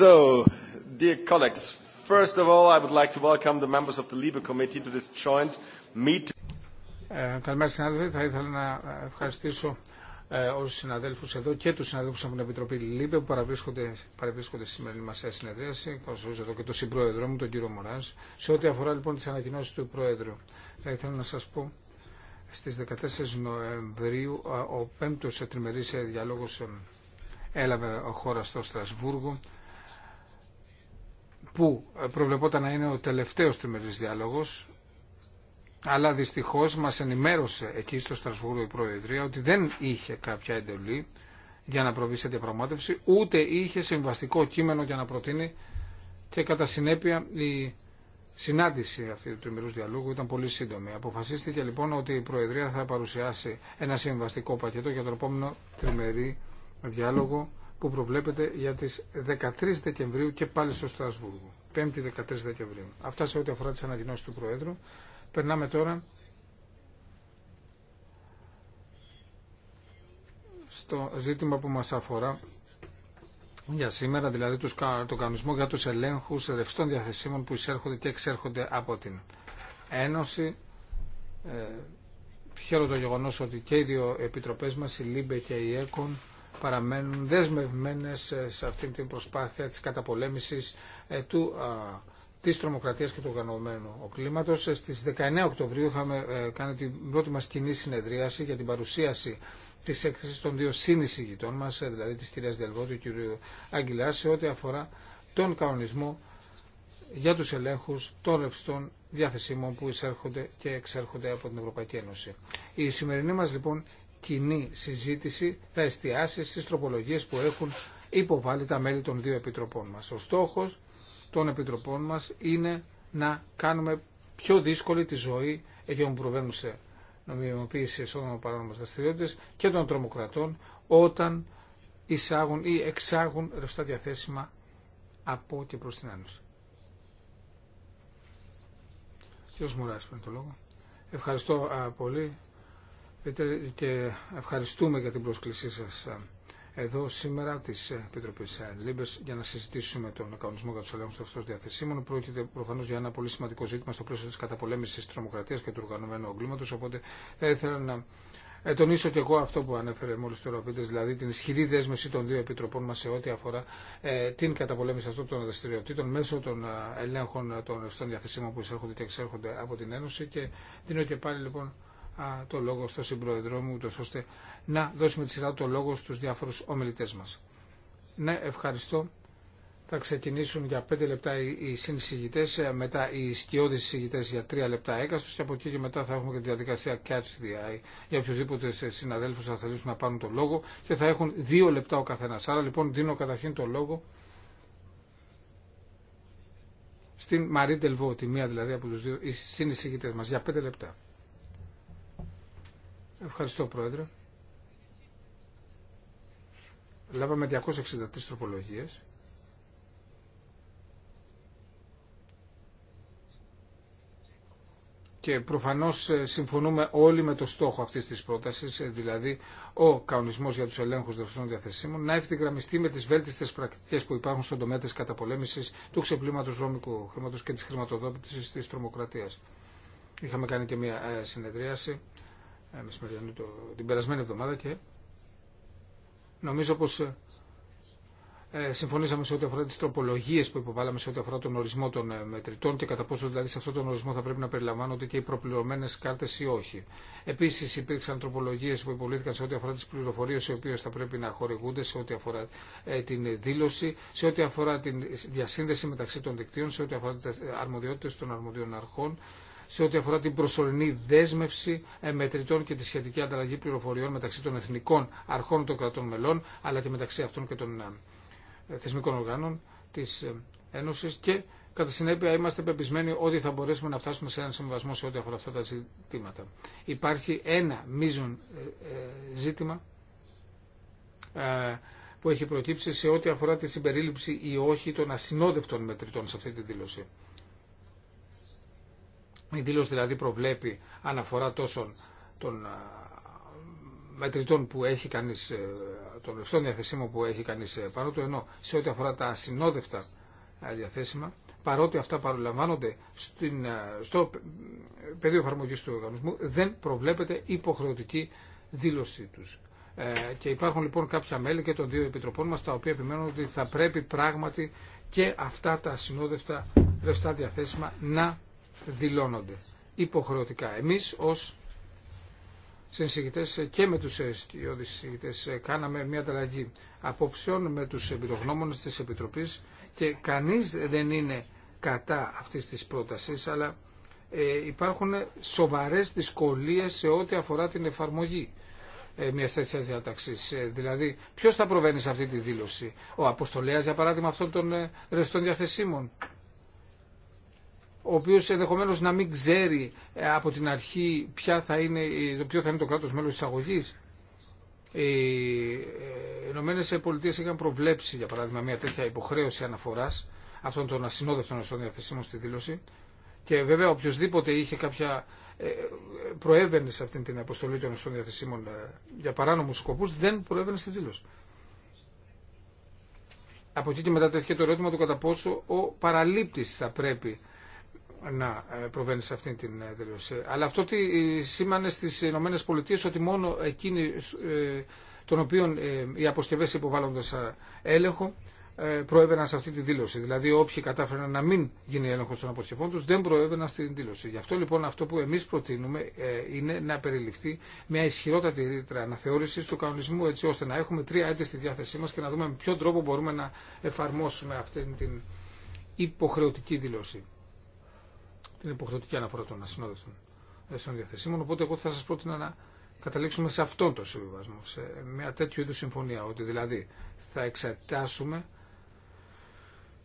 So, dear colleagues, first of all, I would like to welcome the members of the Committee to this joint meeting. Ε, καλημέρα συνάδελφοι. Θα ήθελα να ε, ευχαριστήσω ε, όλους όσους συναδέλφους εδώ και τους συναδέλφους από την Επιτροπή ΛΥΠΕ που παραβρίσκονται, παραβρίσκονται σήμερα μας συνεδρίαση. καθώς εδώ και τον συμπρόεδρό μου, τον κύριο Μωράς. Σε ό,τι αφορά λοιπόν τις ανακοινώσεις του Πρόεδρου, θα ήθελα να σας πω στις 14 Νοεμβρίου ο πέμπτος τριμερής διαλόγος έλαβε χώρα στο Στρασβούργο που προβλεπόταν να είναι ο τελευταίος τριμερής διάλογος, αλλά δυστυχώς μας ενημέρωσε εκεί στο Στρασβούργο η Προεδρία ότι δεν είχε κάποια εντολή για να προβεί σε διαπραγμάτευση, ούτε είχε συμβαστικό κείμενο για να προτείνει και κατά συνέπεια η συνάντηση αυτή του τριμερούς διαλόγου ήταν πολύ σύντομη. Αποφασίστηκε λοιπόν ότι η Προεδρία θα παρουσιάσει ένα συμβαστικό πακέτο για τον επόμενο τριμερή διάλογο που προβλέπεται για τις 13 Δεκεμβρίου και πάλι στο Στρασβούργο. 5η 13 Δεκεμβρίου. Αυτά σε ό,τι αφορά τις ανακοινώσεις του Προέδρου. Περνάμε τώρα στο ζήτημα που μας αφορά για σήμερα, δηλαδή τους, το κανονισμό για τους ελέγχους ρευστών διαθεσίμων που εισέρχονται και εξέρχονται από την Ένωση. Ε, χαίρομαι το γεγονός ότι και οι δύο επιτροπές μας, η ΛΥΜΠΕ και η ΕΚΟΝ, παραμένουν δεσμευμένες ε, σε αυτή την προσπάθεια της καταπολέμησης ε, του της τρομοκρατίας και του οργανωμένου ο κλίματος. Ε, στις 19 Οκτωβρίου είχαμε κάνει την πρώτη μας κοινή συνεδρίαση για την παρουσίαση της έκθεσης των δύο συνεισηγητών μας, δηλαδή της κυρίας Δελβότη και του κ. Αγγιλά, σε ό,τι αφορά τον κανονισμό για τους ελέγχους των ρευστών διαθεσίμων που εισέρχονται και εξέρχονται από την Ευρωπαϊκή Ένωση. Η σημερινή μας λοιπόν κοινή συζήτηση θα εστιάσει στις τροπολογίες που έχουν υποβάλει τα μέλη των δύο επιτροπών μας. Ο στόχος των επιτροπών μας είναι να κάνουμε πιο δύσκολη τη ζωή εκείνων που προβαίνουν σε νομιμοποίηση εσόδων παράνομων δραστηριότητε και των τρομοκρατών όταν εισάγουν ή εξάγουν ρευστά διαθέσιμα από και προς την Άνωση. Μουράς, το λόγο. Ευχαριστώ πολύ και ευχαριστούμε για την πρόσκλησή σας ε, εδώ σήμερα τη Επιτροπή ε, Λίμπε για να συζητήσουμε τον κανονισμό για του ελέγχου αυτών διαθεσίμων. Πρόκειται προφανώ για ένα πολύ σημαντικό ζήτημα στο πλαίσιο τη καταπολέμηση τη τρομοκρατία και του οργανωμένου εγκλήματο. Οπότε θα ήθελα να ε, τονίσω και εγώ αυτό που ανέφερε μόλι τώρα ο Πίτες, δηλαδή την ισχυρή δέσμευση των δύο επιτροπών μα σε ό,τι αφορά την καταπολέμηση αυτών των δραστηριοτήτων μέσω των ελέγχων των ευστών διαθεσίμων που εισέρχονται και εξέρχονται από την Ένωση. Και δίνω και πάλι λοιπόν το λόγο στον συμπροεδρό μου, ούτως ώστε να δώσουμε τη σειρά το λόγο στους διάφορους ομιλητές μας. Ναι, ευχαριστώ. Θα ξεκινήσουν για 5 λεπτά οι συνεισηγητές, ε, μετά οι σκιώδεις συγητές για 3 λεπτά έκαστος και από εκεί και μετά θα έχουμε και τη διαδικασία catch the eye για οποιοδήποτε συναδέλφους θα θέλουν να πάρουν το λόγο και θα έχουν 2 λεπτά ο καθένας. Άρα λοιπόν δίνω καταρχήν το λόγο στην Μαρή Τελβό, τη μία δηλαδή από τους δύο συνεισηγητές μας, για 5 λεπτά. Ευχαριστώ, Πρόεδρε. Λάβαμε 263 τροπολογίες. Και προφανώς ε, συμφωνούμε όλοι με το στόχο αυτής της πρότασης, ε, δηλαδή ο κανονισμός για τους ελέγχους δευτερών διαθεσίμων, να ευθυγραμμιστεί με τις βέλτιστες πρακτικές που υπάρχουν στον τομέα της καταπολέμησης του ξεπλήματος ρώμικου χρήματος και της χρηματοδότησης της τρομοκρατίας. Είχαμε κάνει και μια ε, συνεδρίαση μεσημεριανού την περασμένη εβδομάδα και νομίζω πως ε, ε, συμφωνήσαμε σε ό,τι αφορά τις τροπολογίε που υποβάλαμε σε ό,τι αφορά τον ορισμό των ε, μετρητών και κατά πόσο δηλαδή σε αυτόν τον ορισμό θα πρέπει να περιλαμβάνονται και οι προπληρωμένες κάρτες ή όχι. Επίσης υπήρξαν τροπολογίε που υποβλήθηκαν σε ό,τι αφορά τις πληροφορίε οι οποίες θα πρέπει να χορηγούνται σε ό,τι αφορά την δήλωση, σε ό,τι αφορά την διασύνδεση μεταξύ των δικτύων, σε ό,τι αφορά τι αρμοδιότητε των αρμοδίων αρχών σε ό,τι αφορά την προσωρινή δέσμευση ε, μετρητών και τη σχετική ανταλλαγή πληροφοριών μεταξύ των εθνικών αρχών των κρατών μελών, αλλά και μεταξύ αυτών και των ε, ε, θεσμικών οργάνων της Ένωσης και Κατά συνέπεια, είμαστε πεπισμένοι ότι θα μπορέσουμε να φτάσουμε σε έναν συμβασμό σε ό,τι αφορά αυτά τα ζητήματα. Υπάρχει ένα μείζον ζήτημα που έχει προκύψει σε ό,τι αφορά τη συμπερίληψη ή όχι των ασυνόδευτων μετρητών σε αυτή τη δήλωση. Η δήλωση δηλαδή προβλέπει αναφορά τόσων των μετρητών που έχει κανείς, ε, των ρευστών διαθεσίμων που έχει κανείς ε, πάνω του, ενώ σε ό,τι αφορά τα ασυνόδευτα ε, διαθέσιμα, παρότι αυτά παρολαμβάνονται στην, στο πεδίο εφαρμογή του οργανισμού, δεν προβλέπεται υποχρεωτική δήλωσή τους. και υπάρχουν λοιπόν κάποια μέλη και των δύο επιτροπών μας τα οποία επιμένουν ότι θα πρέπει πράγματι και αυτά τα συνόδευτα ρευστά διαθέσιμα να δηλώνονται υποχρεωτικά. Εμείς ως συνσηγητές και με τους σκιώδεις συνσηγητές κάναμε μια ανταλλαγή απόψεων με τους εμπειρογνώμονες της Επιτροπής και κανείς δεν είναι κατά αυτής της πρότασης, αλλά ε, υπάρχουν σοβαρές δυσκολίες σε ό,τι αφορά την εφαρμογή ε, μια τέτοια διάταξη. Ε, δηλαδή, ποιο θα προβαίνει σε αυτή τη δήλωση, ο αποστολέα, για παράδειγμα, αυτών των ε, διαθεσίμων ο οποίο ενδεχομένω να μην ξέρει ε, από την αρχή ποια θα είναι, ποιο θα είναι το κράτο μέλο εισαγωγή. Οι ε, Ηνωμένε Πολιτείε είχαν προβλέψει, για παράδειγμα, μια τέτοια υποχρέωση αναφορά αυτών των ασυνόδευτων στον διαθεσίμων στη δήλωση. Και βέβαια οποιοδήποτε είχε κάποια ε, προέβαινε σε αυτή την αποστολή των ωστών διαθεσίμων για παράνομου σκοπούς δεν προέβαινε στη δήλωση. Από εκεί και μετά τέθηκε το ερώτημα του κατά πόσο ο παραλήπτης θα πρέπει να ε, προβαίνει σε αυτήν την ε, δήλωση. Αλλά αυτό τι ε, σήμανε στις ΗΠΑ ότι μόνο εκείνοι των οποίων οι υποβάλλονται σε έλεγχο προέβαιναν σε αυτή τη δήλωση. Δηλαδή όποιοι κατάφεραν να μην γίνει έλεγχο των αποσκευών του δεν προέβαιναν στην δήλωση. Γι' αυτό λοιπόν αυτό που εμεί προτείνουμε είναι να περιληφθεί μια ισχυρότατη ρήτρα αναθεώρηση του κανονισμού έτσι ώστε να έχουμε τρία έτη στη διάθεσή μα και να δούμε με ποιο τρόπο μπορούμε να εφαρμόσουμε αυτή την υποχρεωτική δήλωση την υποχρεωτική αναφορά των ασυνόδευτων ε, στον διαθεσίμων. Οπότε εγώ θα σας πρότεινα να καταλήξουμε σε αυτόν τον συμβιβασμό, σε μια τέτοιου είδου συμφωνία, ότι δηλαδή θα εξετάσουμε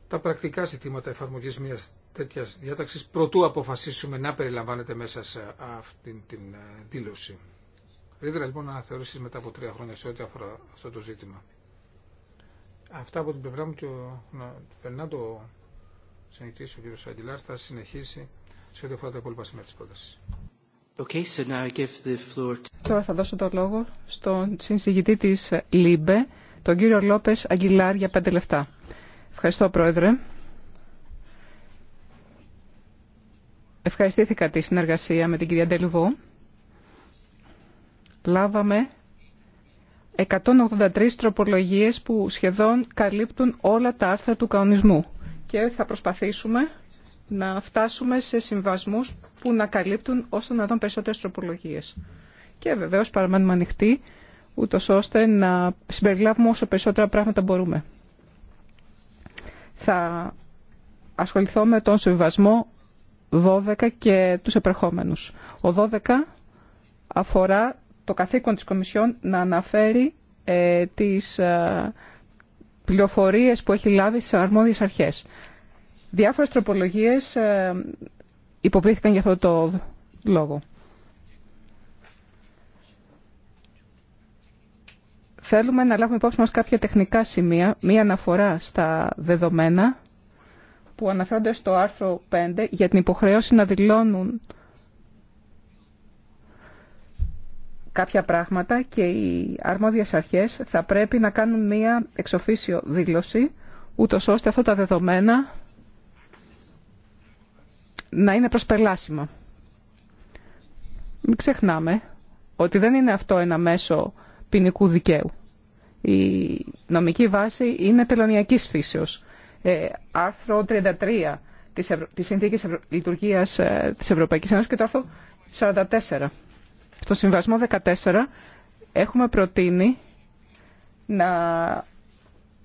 τα πρακτικά ζητήματα εφαρμογής μιας τέτοια διάταξη προτού αποφασίσουμε να περιλαμβάνεται μέσα σε αυτήν την ε, δήλωση. Ρίδρα, λοιπόν να θεωρήσεις μετά από τρία χρόνια σε ό,τι αφορά αυτό το ζήτημα. Αυτά από την πλευρά μου και ο Φερνάντο συνηθίσει ο κύριος Αγγιλάρ θα συνεχίσει σε ό,τι αφορά τα υπόλοιπα σημεία τη πρόταση. Τώρα θα δώσω το λόγο στον συνσηγητή της ΛΥΜΠΕ, τον κύριο Λόπε Αγγιλάρ, για πέντε λεπτά. Ευχαριστώ, Πρόεδρε. Ευχαριστήθηκα τη συνεργασία με την κυρία Ντελουβό. Λάβαμε 183 τροπολογίες που σχεδόν καλύπτουν όλα τα άρθρα του κανονισμού. Και θα προσπαθήσουμε να φτάσουμε σε συμβασμούς που να καλύπτουν όσο να δουν περισσότερες τροπολογίες. Και βεβαίως παραμένουμε ανοιχτοί, ούτως ώστε να συμπεριλάβουμε όσο περισσότερα πράγματα μπορούμε. Θα ασχοληθώ με τον συμβασμό 12 και τους επερχόμενους. Ο 12 αφορά το καθήκον της Κομισιόν να αναφέρει ε, τις ε, πληροφορίες που έχει λάβει στις αρμόδιες αρχές. Διάφορες τροπολογίες ε, υποβλήθηκαν για αυτό το λόγο. Θέλουμε να λάβουμε υπόψη μας κάποια τεχνικά σημεία, μία αναφορά στα δεδομένα που αναφέρονται στο άρθρο 5 για την υποχρέωση να δηλώνουν κάποια πράγματα και οι αρμόδιες αρχές θα πρέπει να κάνουν μία εξοφίσιο δήλωση, ούτως ώστε αυτά τα δεδομένα να είναι προσπελάσιμα. Μην ξεχνάμε ότι δεν είναι αυτό ένα μέσο ποινικού δικαίου. Η νομική βάση είναι τελωνιακής φύσεως. Ε, άρθρο 33 της, Ευρω... της Συνθήκης Ευρω... Λειτουργίας ε, της Ευρωπαϊκής Ένωσης και το άρθρο 44. Στο Συμβασμό 14 έχουμε προτείνει να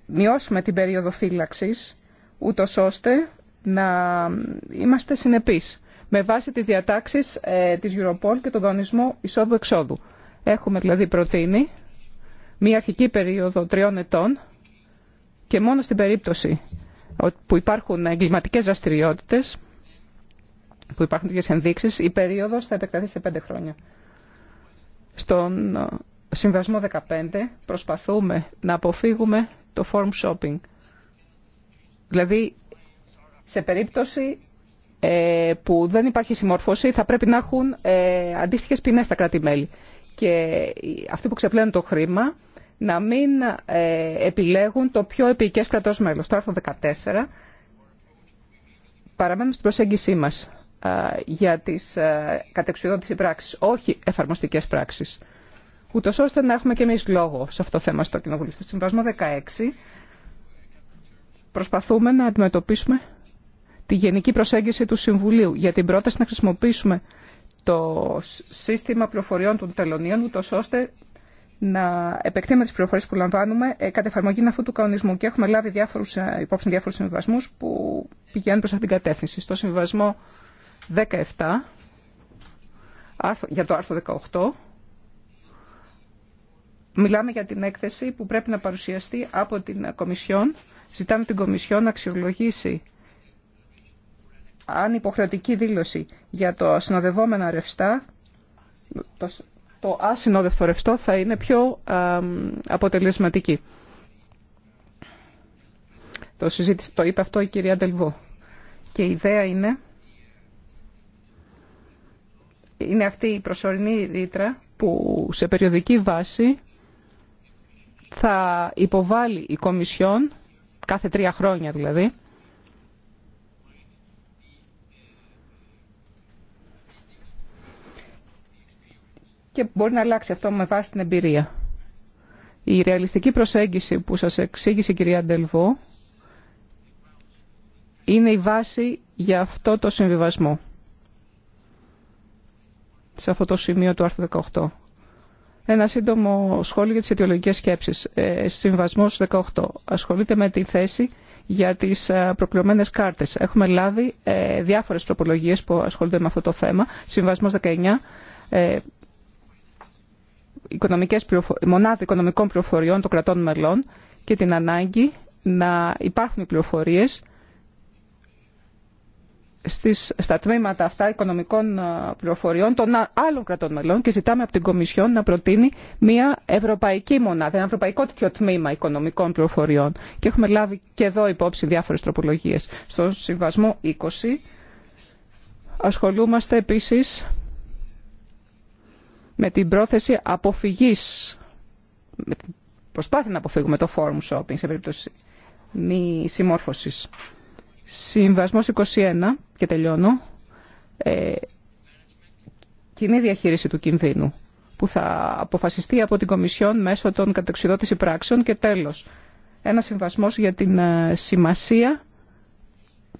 μειώσουμε την περίοδο φύλαξης ούτω ώστε να είμαστε συνεπείς με βάση τις διατάξεις ε, της Europol και τον δονισμο εισοδου εισόδου-εξόδου. Έχουμε δηλαδή προτείνει μία αρχική περίοδο τριών ετών και μόνο στην περίπτωση που υπάρχουν εγκληματικές δραστηριότητες, που υπάρχουν τέτοιες ενδείξεις, η περίοδος θα επεκταθεί σε πέντε χρόνια. Στον ε, Συμβασμό 15 προσπαθούμε να αποφύγουμε το form shopping. Δηλαδή σε περίπτωση ε, που δεν υπάρχει συμμόρφωση θα πρέπει να έχουν ε, αντίστοιχες ποινές στα κράτη-μέλη. Και αυτοί που ξεπλένουν το χρήμα να μην ε, επιλέγουν το πιο επίκες κρατός μέλος. Το άρθρο 14 παραμένουμε στην προσέγγισή μας για τις κατεξουδότηση πράξεις, όχι εφαρμοστικές πράξεις. Ούτω ώστε να έχουμε και εμείς λόγο σε αυτό το θέμα στο Κοινοβουλίο. Στο Συμβασμό 16 προσπαθούμε να αντιμετωπίσουμε τη γενική προσέγγιση του Συμβουλίου για την πρόταση να χρησιμοποιήσουμε το σύστημα πληροφοριών των τελωνίων, ούτω ώστε να επεκτείνουμε τι πληροφορίε που λαμβάνουμε ε, κατά εφαρμογή αυτού του κανονισμού και έχουμε λάβει διάφορους, ε, υπόψη διάφορου συμβιβασμού που πηγαίνουν προ αυτήν την κατεύθυνση. Στο συμβιβασμό 17, για το άρθρο 18, μιλάμε για την έκθεση που πρέπει να παρουσιαστεί από την Κομισιόν. Ζητάμε την Κομισιόν να αξιολογήσει αν υποχρεωτική δήλωση για το συνοδευόμενα ρευστά, το, το ασυνόδευτο ρευστό θα είναι πιο αποτελεσματική. Το, συζήτησε το είπε αυτό η κυρία Ντελβό. Και η ιδέα είναι, είναι αυτή η προσωρινή ρήτρα που σε περιοδική βάση θα υποβάλει η Κομισιόν, κάθε τρία χρόνια δηλαδή, και μπορεί να αλλάξει αυτό με βάση την εμπειρία. Η ρεαλιστική προσέγγιση που σας εξήγησε η κυρία Ντελβό είναι η βάση για αυτό το συμβιβασμό. Σε αυτό το σημείο του άρθρου 18. Ένα σύντομο σχόλιο για τις αιτιολογικές σκέψεις. Ε, συμβασμός 18. Ασχολείται με τη θέση για τις ε, προκλειωμένες κάρτες. Έχουμε λάβει ε, διάφορες τροπολογίες που ασχολούνται με αυτό το θέμα. Συμβασμός 19 οικονομικές μονάδα οικονομικών πληροφοριών των κρατών μελών και την ανάγκη να υπάρχουν πληροφορίες στις, στα τμήματα αυτά οικονομικών ε, πληροφοριών των άλλων κρατών μελών και ζητάμε από την Κομισιόν να προτείνει μια ευρωπαϊκή μονάδα, ένα ευρωπαϊκό τέτοιο τμήμα οικονομικών πληροφοριών. Και έχουμε λάβει και εδώ υπόψη διάφορες τροπολογίες. στον συμβασμό 20 ασχολούμαστε επίσης με την πρόθεση αποφυγής, με την προσπάθεια να αποφύγουμε το forum shopping σε περίπτωση μη συμμόρφωσης. Συμβασμός 21, και τελειώνω, ε, κοινή διαχείριση του κινδύνου που θα αποφασιστεί από την Κομισιόν μέσω των κατεξιδότηση πράξεων και τέλος. Ένα συμβασμός για την ε, σημασία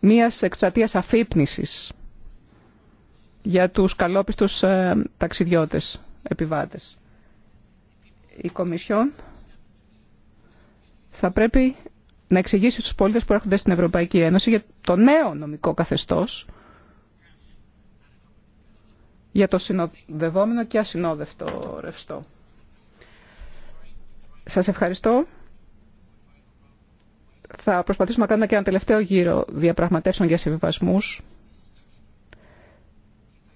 μιας εκστρατείας αφύπνισης για τους καλόπιστους ε, ταξιδιώτες, επιβάτες. Η Κομισιόν θα πρέπει να εξηγήσει στους πολίτες που έρχονται στην Ευρωπαϊκή Ένωση για το νέο νομικό καθεστώς, για το συνοδευόμενο και ασυνόδευτο ρευστό. Σας ευχαριστώ. Θα προσπαθήσουμε να κάνουμε και ένα τελευταίο γύρο διαπραγματεύσεων για συμβιβασμούς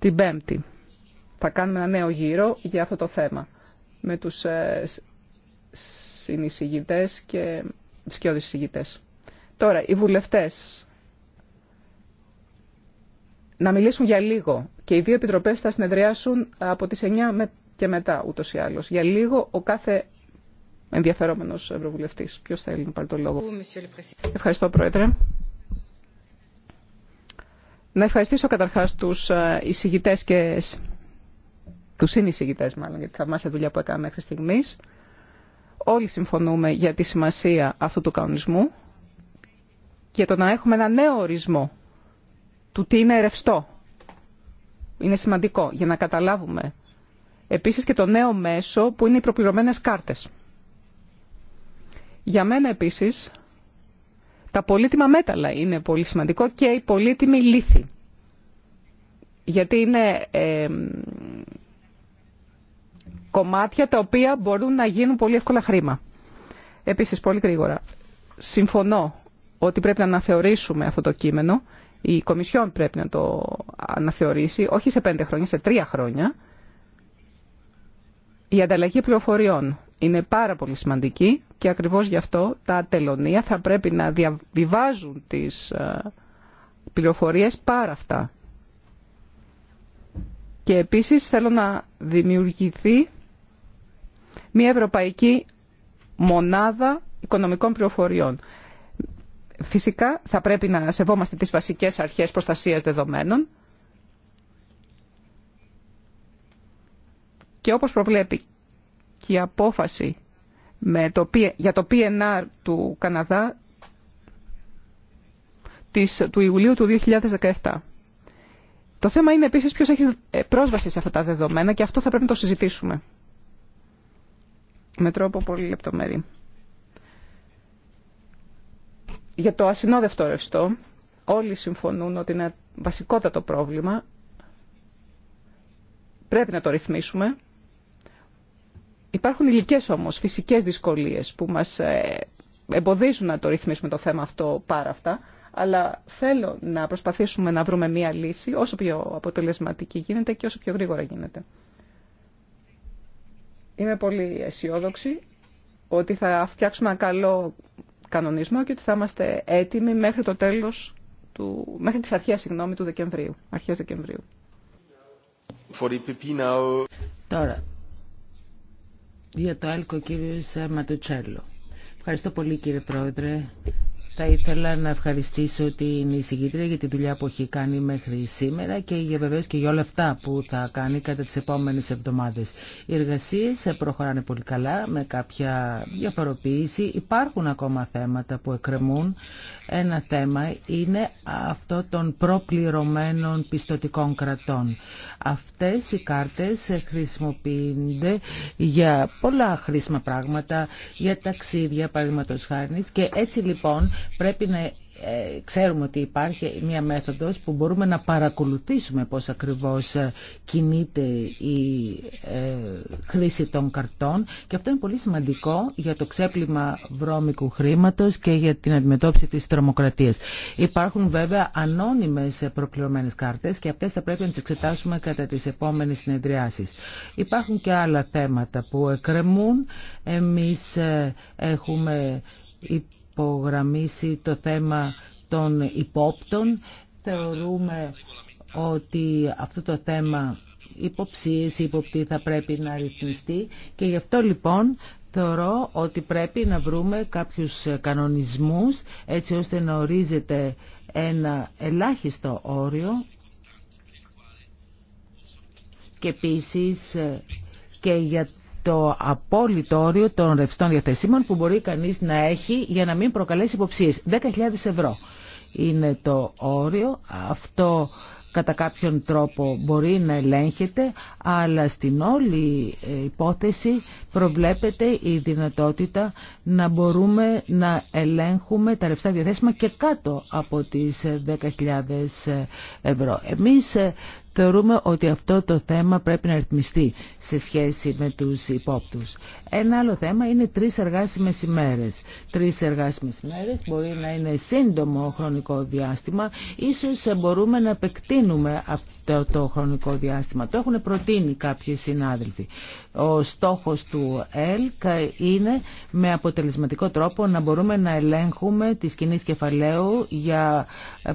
την Πέμπτη. Θα κάνουμε ένα νέο γύρο για αυτό το θέμα με τους ε, συνεισηγητές και σκιώδεις συγητές. Τώρα, οι βουλευτές να μιλήσουν για λίγο και οι δύο επιτροπές θα συνεδριάσουν από τις 9 και μετά ούτως ή άλλως. Για λίγο ο κάθε ενδιαφερόμενος ευρωβουλευτής. Ποιος θέλει να πάρει το λόγο. Ευχαριστώ Πρόεδρε. Να ευχαριστήσω καταρχάς τους ε, εισηγητές και τους συνεισηγητές μάλλον για τη θαυμάσια δουλειά που έκανα μέχρι στιγμής. Όλοι συμφωνούμε για τη σημασία αυτού του κανονισμού και το να έχουμε ένα νέο ορισμό του τι είναι ρευστό. Είναι σημαντικό για να καταλάβουμε επίσης και το νέο μέσο που είναι οι προπληρωμένες κάρτες. Για μένα επίσης τα πολύτιμα μέταλλα είναι πολύ σημαντικό και η πολύτιμη λύθη. Γιατί είναι κομμάτια τα οποία μπορούν να γίνουν πολύ εύκολα χρήμα. Επίσης, πολύ γρήγορα, συμφωνώ ότι πρέπει να αναθεωρήσουμε αυτό το κείμενο. Η Κομισιόν πρέπει να το αναθεωρήσει, όχι σε πέντε χρόνια, σε τρία χρόνια. Η ανταλλαγή πληροφοριών είναι πάρα πολύ σημαντική και ακριβώς γι' αυτό τα τελωνία θα πρέπει να διαβιβάζουν τις ε, πληροφορίες πάρα αυτά. Και επίσης θέλω να δημιουργηθεί μια ευρωπαϊκή μονάδα οικονομικών πληροφοριών. Φυσικά θα πρέπει να σεβόμαστε τις βασικές αρχές προστασίας δεδομένων και όπως προβλέπει και η απόφαση με το, για το PNR του Καναδά της, του Ιουλίου του 2017. Το θέμα είναι επίσης ποιος έχει ε, πρόσβαση σε αυτά τα δεδομένα και αυτό θα πρέπει να το συζητήσουμε με τρόπο πολύ λεπτομερή. Για το ασυνόδευτο ρευστό, όλοι συμφωνούν ότι είναι βασικότατο πρόβλημα. Πρέπει να το ρυθμίσουμε. Υπάρχουν υλικέ όμως φυσικές δυσκολίες που μας ε, εμποδίζουν να το ρυθμίσουμε το θέμα αυτό πάρα αυτά, αλλά θέλω να προσπαθήσουμε να βρούμε μία λύση όσο πιο αποτελεσματική γίνεται και όσο πιο γρήγορα γίνεται. Είμαι πολύ αισιόδοξη ότι θα φτιάξουμε ένα καλό κανονισμό και ότι θα είμαστε έτοιμοι μέχρι το τέλος του, μέχρι τις αρχές, συγγνώμη, του Δεκεμβρίου, Δεκεμβρίου. Τώρα, για το άλκο κύριο Ματουτσέλο. Ευχαριστώ πολύ κύριε Πρόεδρε. Θα ήθελα να ευχαριστήσω την εισηγήτρια για τη δουλειά που έχει κάνει μέχρι σήμερα και για βεβαίω και για όλα αυτά που θα κάνει κατά τι επόμενε εβδομάδε. Οι εργασίε προχωράνε πολύ καλά με κάποια διαφοροποίηση. Υπάρχουν ακόμα θέματα που εκκρεμούν. Ένα θέμα είναι αυτό των προπληρωμένων πιστοτικών κρατών. Αυτέ οι κάρτε χρησιμοποιούνται για πολλά χρήσιμα πράγματα, για ταξίδια παραδείγματο χάρη και έτσι λοιπόν Πρέπει να ε, ξέρουμε ότι υπάρχει μια μέθοδος που μπορούμε να παρακολουθήσουμε πώς ακριβώς ε, κινείται η ε, χρήση των καρτών και αυτό είναι πολύ σημαντικό για το ξέπλυμα βρώμικου χρήματος και για την αντιμετώπιση της τρομοκρατίας. Υπάρχουν βέβαια ανώνυμες προκληρωμένε κάρτες και αυτές θα πρέπει να τις εξετάσουμε κατά τις επόμενες συνεδριάσεις. Υπάρχουν και άλλα θέματα που εκκρεμούν. Εμείς έχουμε υπογραμμίσει το θέμα των υπόπτων. Θεωρούμε ότι αυτό το θέμα υποψίες, υποπτή θα πρέπει να ρυθμιστεί και γι' αυτό λοιπόν θεωρώ ότι πρέπει να βρούμε κάποιους κανονισμούς έτσι ώστε να ορίζεται ένα ελάχιστο όριο και επίσης και για το απόλυτο όριο των ρευστών διαθεσίμων που μπορεί κανείς να έχει για να μην προκαλέσει υποψίες. 10.000 ευρώ είναι το όριο. Αυτό κατά κάποιον τρόπο μπορεί να ελέγχεται, αλλά στην όλη ε, υπόθεση προβλέπεται η δυνατότητα να μπορούμε να ελέγχουμε τα ρευστά διαθέσιμα και κάτω από τις 10.000 ε, ε, ευρώ. Εμείς Θεωρούμε ότι αυτό το θέμα πρέπει να ρυθμιστεί σε σχέση με τους υπόπτους. Ένα άλλο θέμα είναι τρεις εργάσιμες ημέρες. Τρεις εργάσιμες ημέρες μπορεί να είναι σύντομο χρονικό διάστημα. Ίσως μπορούμε να επεκτείνουμε αυτό το χρονικό διάστημα. Το έχουν προτείνει κάποιοι συνάδελφοι. Ο στόχος του ΕΛΚ είναι με αποτελεσματικό τρόπο να μπορούμε να ελέγχουμε τις κοινή κεφαλαίου για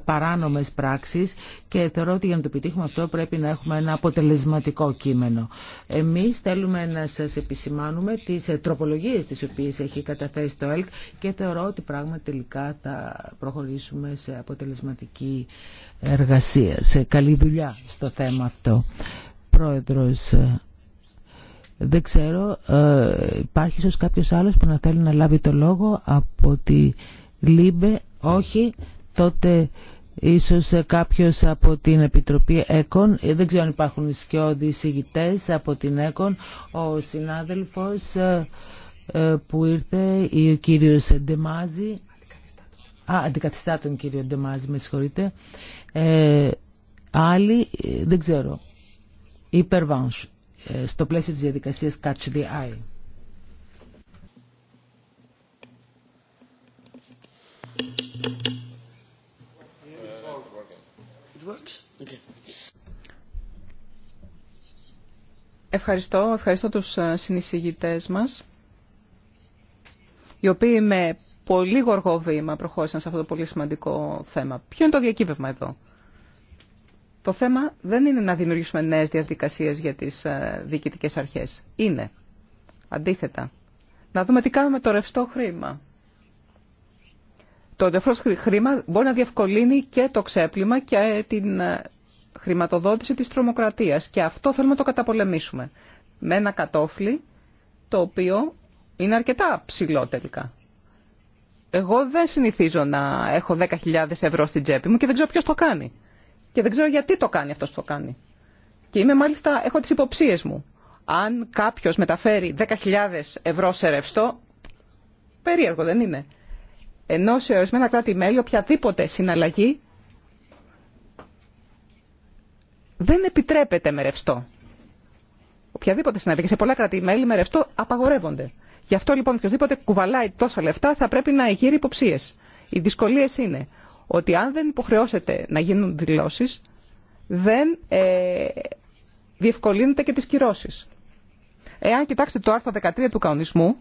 παράνομες πράξεις και θεωρώ ότι για να το επιτύχουμε αυτό πρέπει να έχουμε ένα αποτελεσματικό κείμενο. Εμείς θέλουμε να σας επισημάνουμε τις τροπολογίες τις οποίες έχει καταθέσει το ΕΛΚ και θεωρώ ότι πράγματι τελικά θα προχωρήσουμε σε αποτελεσματική εργασία, σε καλή δουλειά στο θέμα αυτό. Πρόεδρος, δεν ξέρω, ε, υπάρχει ίσως κάποιος άλλος που να θέλει να λάβει το λόγο από τη ΛΥΜΠΕ. Όχι, τότε Ίσως ε, κάποιος από την Επιτροπή ΕΚΟΝ, ε, δεν ξέρω αν υπάρχουν σκιώδη ηγητές από την ΕΚΟΝ, ο συνάδελφος ε, που ήρθε, ο κύριος Ντεμάζη, α, τον κύριο Ντεμάζη, με συγχωρείτε, άλλοι, δεν ξέρω, υπερβάνσου, στο πλαίσιο της διαδικασίας Catch the Eye. Ευχαριστώ. Ευχαριστώ τους ε, συνεισηγητές μας, οι οποίοι με πολύ γοργό βήμα προχώρησαν σε αυτό το πολύ σημαντικό θέμα. Ποιο είναι το διακύβευμα εδώ. Το θέμα δεν είναι να δημιουργήσουμε νέες διαδικασίες για τις ε, διοικητικές αρχές. Είναι, αντίθετα, να δούμε τι κάνουμε με το ρευστό χρήμα το ελεύθερο χρήμα μπορεί να διευκολύνει και το ξέπλυμα και την ε, χρηματοδότηση της τρομοκρατίας. Και αυτό θέλουμε να το καταπολεμήσουμε με ένα κατόφλι το οποίο είναι αρκετά ψηλό τελικά. Εγώ δεν συνηθίζω να έχω 10.000 ευρώ στην τσέπη μου και δεν ξέρω ποιος το κάνει. Και δεν ξέρω γιατί το κάνει αυτός που το κάνει. Και μάλιστα, έχω τις υποψίες μου. Αν κάποιος μεταφέρει 10.000 ευρώ σε ρευστό, περίεργο δεν είναι ενώ σε ορισμένα κράτη-μέλη οποιαδήποτε συναλλαγή δεν επιτρέπεται με ρευστό. Οποιαδήποτε συναλλαγή σε πολλά κράτη-μέλη με ρευστό απαγορεύονται. Γι' αυτό λοιπόν οποιοδήποτε κουβαλάει τόσα λεφτά θα πρέπει να εγείρει υποψίε. Οι δυσκολίε είναι ότι αν δεν υποχρεώσετε να γίνουν δηλώσει, δεν ε, διευκολύνεται και τι κυρώσει. Εάν κοιτάξετε το άρθρο 13 του κανονισμού,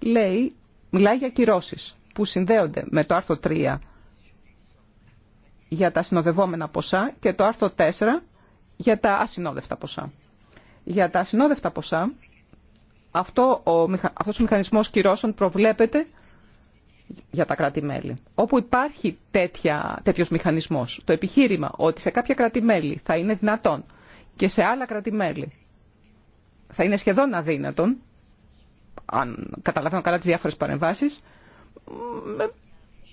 λέει, μιλάει για κυρώσεις που συνδέονται με το άρθρο 3 για τα συνοδευόμενα ποσά και το άρθρο 4 για τα ασυνόδευτα ποσά. Για τα ασυνόδευτα ποσά, αυτό ο, αυτός ο μηχανισμός κυρώσεων προβλέπεται για τα κράτη-μέλη. Όπου υπάρχει τέτοια, τέτοιος μηχανισμός, το επιχείρημα ότι σε κάποια κράτη-μέλη θα είναι δυνατόν και σε άλλα κράτη-μέλη θα είναι σχεδόν αδύνατον, αν καταλαβαίνω καλά τις διάφορες παρεμβάσεις,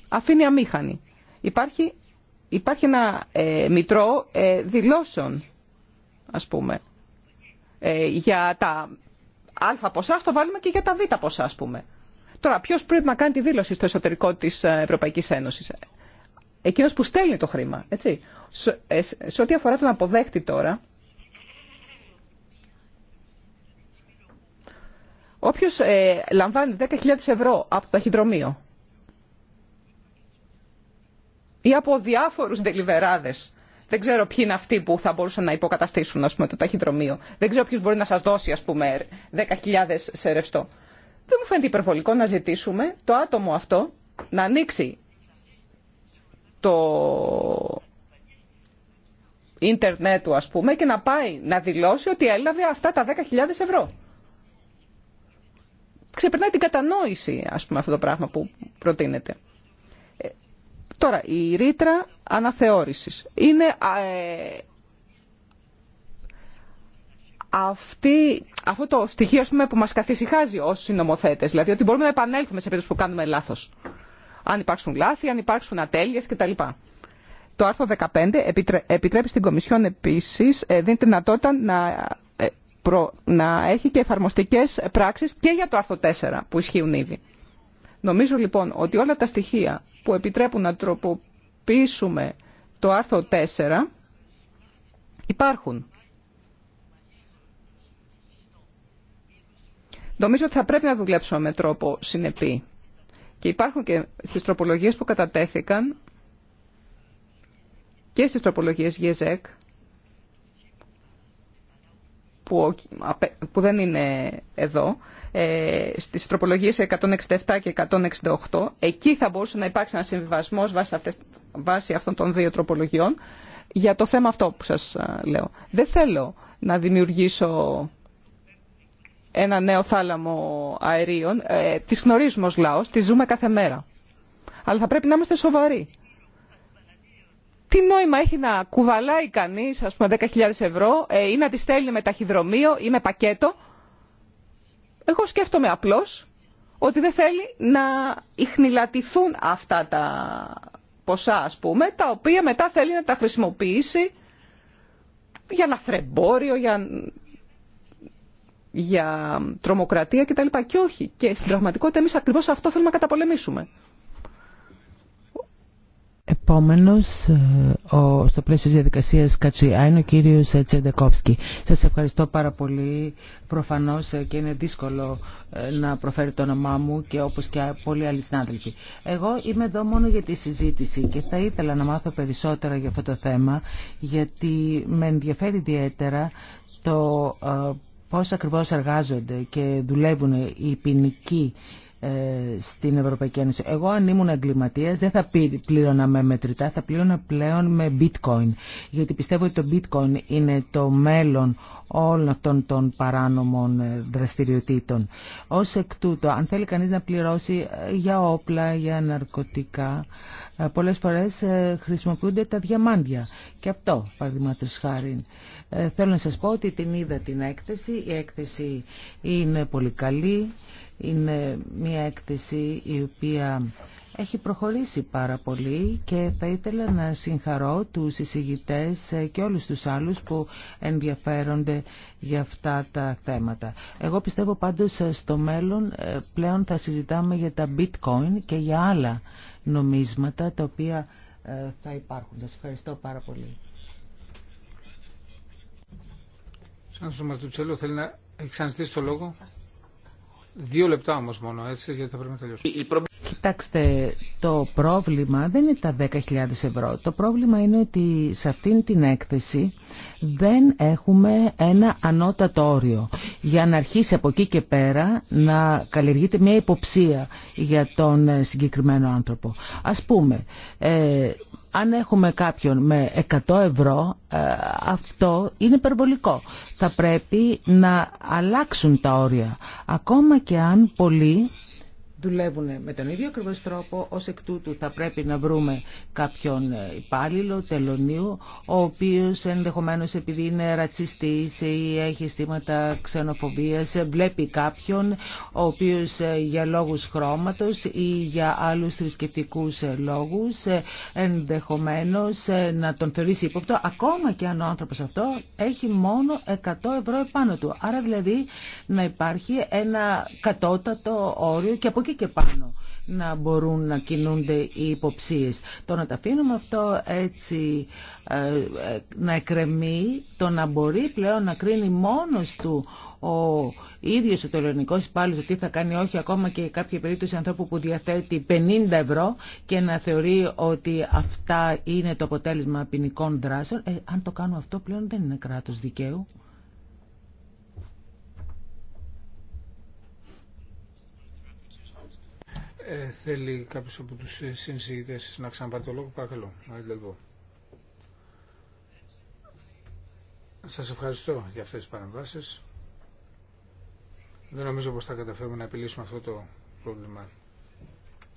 αφήνει αμήχανη. Υπάρχει, υπάρχει ένα ε, μητρό ε, δηλώσεων, ας πούμε, ε, για τα α ποσά, το βάλουμε και για τα β ποσά, ας πούμε. Τώρα, ποιος πρέπει να κάνει τη δήλωση στο εσωτερικό της ε, Ευρωπαϊκής Ένωσης. Εκείνος που στέλνει το χρήμα, έτσι. Σε, ό,τι αφορά τον αποδέχτη τώρα, όποιος λαμβάνει 10.000 ευρώ από το ταχυδρομείο, ή από διάφορους δελιβεράδες. Δεν ξέρω ποιοι είναι αυτοί που θα μπορούσαν να υποκαταστήσουν ας πούμε, το ταχυδρομείο. Δεν ξέρω ποιο μπορεί να σας δώσει ας πούμε 10.000 σε ρευστό. Δεν μου φαίνεται υπερβολικό να ζητήσουμε το άτομο αυτό να ανοίξει το ίντερνετ του ας πούμε και να πάει να δηλώσει ότι έλαβε αυτά τα 10.000 ευρώ. Ξεπερνάει την κατανόηση ας πούμε αυτό το πράγμα που προτείνεται. Τώρα, η ρήτρα αναθεώρησης είναι ε, αυτή, αυτό το στοιχείο πούμε, που μας καθησυχάζει ως συνομοθέτες, δηλαδή ότι μπορούμε να επανέλθουμε σε περίπτωση που κάνουμε λάθος. Αν υπάρξουν λάθη, αν υπάρξουν ατέλειες κτλ. Το άρθρο 15 επιτρέπει στην Κομισιόν επίσης, ε, δίνει τη δυνατότητα να, ε, να έχει και εφαρμοστικές πράξεις και για το άρθρο 4 που ισχύουν ήδη. Νομίζω λοιπόν ότι όλα τα στοιχεία που επιτρέπουν να τροποποιήσουμε το άρθρο 4 υπάρχουν. Νομίζω ότι θα πρέπει να δουλέψουμε με τρόπο συνεπή. Και υπάρχουν και στις τροπολογίες που κατατέθηκαν και στις τροπολογίες ΓΕΖΕΚ που, δεν είναι εδώ, ε, στις τροπολογίες 167 και 168. Εκεί θα μπορούσε να υπάρξει ένα συμβιβασμό βάσει, αυτών των δύο τροπολογιών για το θέμα αυτό που σας ε, λέω. Δεν θέλω να δημιουργήσω ένα νέο θάλαμο αερίων. Ε, τις γνωρίζουμε ως λαός, τις ζούμε κάθε μέρα. Αλλά θα πρέπει να είμαστε σοβαροί. Τι νόημα έχει να κουβαλάει κανείς, ας πούμε, 10.000 ευρώ ε, ή να τη στέλνει με ταχυδρομείο ή με πακέτο εγώ σκέφτομαι απλώς ότι δεν θέλει να ιχνηλατηθούν αυτά τα ποσά, ας πούμε, τα οποία μετά θέλει να τα χρησιμοποιήσει για λαθρεμπόριο, για, για τρομοκρατία κτλ. Και όχι. Και στην πραγματικότητα εμείς ακριβώς αυτό θέλουμε να καταπολεμήσουμε. Επόμενος, ε, ο, στο πλαίσιο της διαδικασίας Κατσιά, είναι ο κύριος ε, Τσεντεκόφσκι. Σας ευχαριστώ πάρα πολύ. Προφανώς ε, και είναι δύσκολο να προφέρει το όνομά μου και όπως και πολλοί άλλοι συνάδελφοι. Εγώ είμαι εδώ μόνο για τη συζήτηση και θα ήθελα να μάθω περισσότερα για αυτό το θέμα γιατί με ενδιαφέρει ιδιαίτερα το πώς ακριβώς εργάζονται και δουλεύουν οι ποινικοί ε, στην Ευρωπαϊκή Ένωση. Εγώ αν ήμουν εγκληματία δεν θα πλήρωνα με μετρητά, θα πλήρωνα πλέον με bitcoin. Γιατί πιστεύω ότι το bitcoin είναι το μέλλον όλων αυτών των παράνομων ε, δραστηριοτήτων. Ως εκ τούτου, αν θέλει κανείς να πληρώσει ε, για όπλα, για ναρκωτικά, πολλές φορές χρησιμοποιούνται τα διαμάντια. Και αυτό, παραδείγματος χάρη. Θέλω να σας πω ότι την είδα την έκθεση. Η έκθεση είναι πολύ καλή είναι μια έκθεση η οποία έχει προχωρήσει πάρα πολύ και θα ήθελα να συγχαρώ τους εισηγητές και όλους τους άλλους που ενδιαφέρονται για αυτά τα θέματα. Εγώ πιστεύω πάντως στο μέλλον ε, πλέον θα συζητάμε για τα bitcoin και για άλλα νομίσματα τα οποία ε, θα υπάρχουν. Σας ευχαριστώ πάρα πολύ. Σαν Μαρτουτσέλο θέλει να εξανστήσει το λόγο. Δύο λεπτά όμω μόνο, έτσι, γιατί θα πρέπει να τελειώσουμε. Κοιτάξτε, το πρόβλημα δεν είναι τα 10.000 ευρώ. Το πρόβλημα είναι ότι σε αυτήν την έκθεση δεν έχουμε ένα ανώτατο όριο. Για να αρχίσει από εκεί και πέρα να καλλιεργείται μια υποψία για τον συγκεκριμένο άνθρωπο. Ας πούμε, ε, αν έχουμε κάποιον με 100 ευρώ, ε, αυτό είναι υπερβολικό. Θα πρέπει να αλλάξουν τα όρια. Ακόμα και αν πολλοί δουλεύουν με τον ίδιο ακριβώ τρόπο. ω εκ τούτου θα πρέπει να βρούμε κάποιον υπάλληλο, τελωνίου, ο οποίος ενδεχομένως επειδή είναι ρατσιστή ή έχει αισθήματα ξενοφοβίας, βλέπει κάποιον ο οποίος για λόγους χρώματος ή για άλλους θρησκευτικού λόγους ενδεχομένως να τον θεωρήσει ύποπτο, ακόμα και αν ο άνθρωπο αυτό έχει μόνο 100 ευρώ επάνω του. Άρα δηλαδή να υπάρχει ένα κατώτατο όριο και εκεί και πάνω να μπορούν να κινούνται οι υποψίες. Το να τα αφήνουμε αυτό έτσι ε, ε, να εκρεμεί, το να μπορεί πλέον να κρίνει μόνος του ο ίδιος ο τελωνικός υπάλληλος ότι θα κάνει όχι ακόμα και κάποια περίπτωση ανθρώπου που διαθέτει 50 ευρώ και να θεωρεί ότι αυτά είναι το αποτέλεσμα ποινικών δράσεων. Ε, αν το κάνω αυτό πλέον δεν είναι κράτος δικαίου. Ε, θέλει κάποιος από του ε, συνσηγητές να ξαναπάρει το λόγο, παρακαλώ. Σας ευχαριστώ για αυτές τις παρεμβάσει. Δεν νομίζω πως θα καταφέρουμε να επιλύσουμε αυτό το πρόβλημα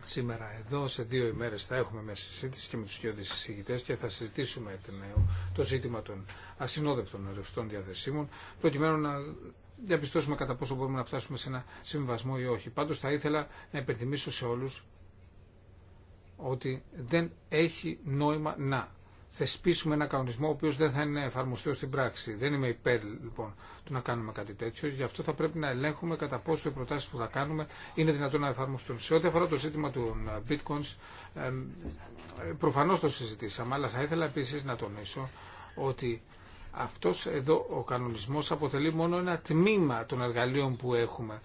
σήμερα εδώ. Σε δύο ημέρες θα έχουμε μια συζήτηση και με τους δύο συζητητέ και θα συζητήσουμε το το ζήτημα των ασυνόδευτων ρευστών διαθεσίμων προκειμένου να διαπιστώσουμε κατά πόσο μπορούμε να φτάσουμε σε ένα συμβασμό ή όχι. Πάντως θα ήθελα να υπενθυμίσω σε όλους ότι δεν έχει νόημα να θεσπίσουμε ένα κανονισμό ο οποίος δεν θα είναι εφαρμοστεί στην πράξη. Δεν είμαι υπέρ λοιπόν του να κάνουμε κάτι τέτοιο. Γι' αυτό θα πρέπει να ελέγχουμε κατά πόσο οι προτάσεις που θα κάνουμε είναι δυνατόν να εφαρμοστούν. Σε ό,τι αφορά το ζήτημα των ε, bitcoins, ε, προφανώς το συζητήσαμε, αλλά θα ήθελα επίσης να τονίσω ότι αυτός εδώ ο κανονισμός αποτελεί μόνο ένα τμήμα των εργαλείων που έχουμε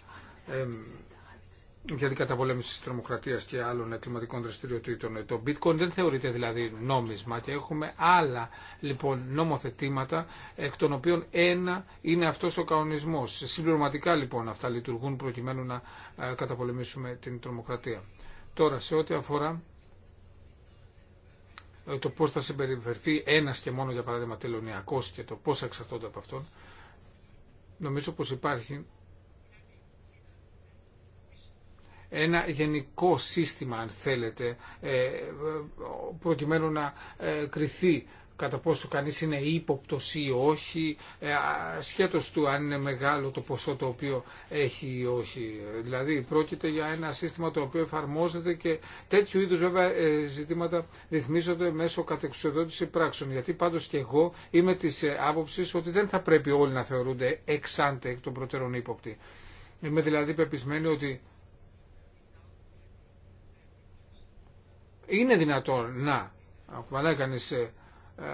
για την καταπολέμηση της τρομοκρατίας και άλλων κλιματικών δραστηριοτήτων. Ε, το bitcoin δεν θεωρείται δηλαδή νόμισμα και έχουμε άλλα λοιπόν νομοθετήματα εκ των οποίων ένα είναι αυτός ο κανονισμός. Συμπληρωματικά λοιπόν αυτά λειτουργούν προκειμένου να ε, καταπολεμήσουμε την τρομοκρατία. Τώρα σε ό,τι αφορά το πώς θα συμπεριφερθεί ένας και μόνο για παράδειγμα τελωνιακός και το πώς εξαρτώνται από αυτόν, νομίζω πως υπάρχει ένα γενικό σύστημα, αν θέλετε, ε, προκειμένου να ε, κριθεί κατά πόσο κανείς είναι ύποπτος ή όχι, ε, σχέτως του αν είναι μεγάλο το ποσό το οποίο έχει ή όχι. Δηλαδή πρόκειται για ένα σύστημα το οποίο εφαρμόζεται και τέτοιου είδους βέβαια ε, ζητήματα ρυθμίζονται μέσω κατεξοδότηση πράξεων. Γιατί πάντως και εγώ είμαι της ε, άποψης ότι δεν θα πρέπει όλοι να θεωρούνται εξάντε εκ των προτερών ύποπτοι. Είμαι δηλαδή πεπισμένοι ότι είναι δυνατόν να ακουμπανάει κανείς ε,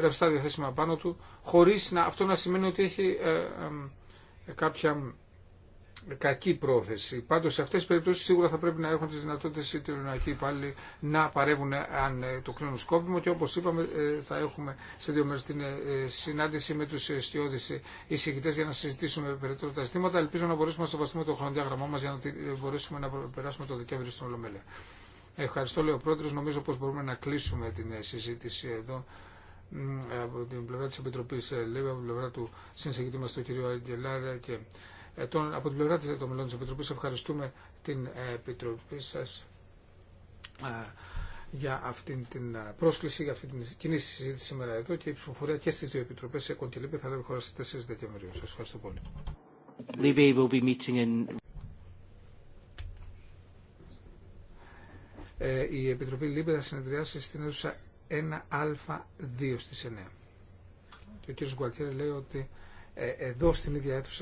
ρευστά διαθέσιμα πάνω του, χωρίς να, αυτό να σημαίνει ότι έχει ε, ε, κάποια κακή πρόθεση. Πάντω σε αυτέ τι περιπτώσει σίγουρα θα πρέπει να έχουν τι δυνατότητε οι τελωνιακοί υπάλληλοι να παρεύουν αν το κρίνουν σκόπιμο και όπω είπαμε θα έχουμε σε δύο μέρε την συνάντηση με του αισιώδει εισηγητέ για να συζητήσουμε περαιτέρω τα αισθήματα. Ελπίζω να μπορέσουμε να σεβαστούμε το χρονοδιάγραμμά μα για να μπορέσουμε να περάσουμε το Δεκέμβριο στην Ολομέλεια. Ευχαριστώ, λέει ο πρόεδρο. Νομίζω πω μπορούμε να κλείσουμε την ε, συζήτηση εδώ από την πλευρά τη Επιτροπή ε, ΛΕΒΕ, από την πλευρά του συνσηγητή μα τον κύριο Αγγελάρα ε, και τον, από την πλευρά των μελών της Επιτροπής ευχαριστούμε την Επιτροπή σα για αυτή την πρόσκληση, για αυτή την κοινή συζήτηση σήμερα εδώ και η ψηφοφορία και στι δύο Επιτροπέ ΕΚΟΝ και θα λάβει χώρα στις 4 Δεκεμβρίου. Σα ευχαριστώ πολύ. Ε, η Επιτροπή Λίμπε θα συνεδριάσει στην αίθουσα 1α2 στις 9. Και ο κ. Γκουαλτιέρη λέει ότι ε, εδώ στην ίδια αίθουσα